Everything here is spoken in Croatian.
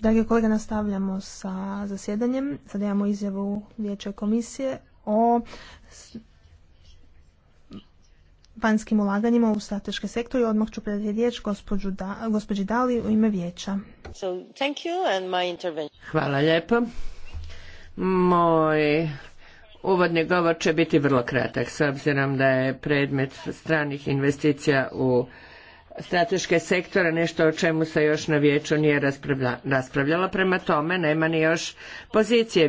Dragi kolega, nastavljamo sa zasjedanjem. Sada imamo izjavu Vijeća komisije o vanjskim ulaganjima u strateške sektore. Odmah ću predati riječ gospođi Dali u ime Vijeća. Hvala lijepo. Moj uvodni govor će biti vrlo kratak s obzirom da je predmet stranih investicija u strateške sektore, nešto o čemu se još na vijeću nije raspravljalo. Prema tome, nema ni još pozicije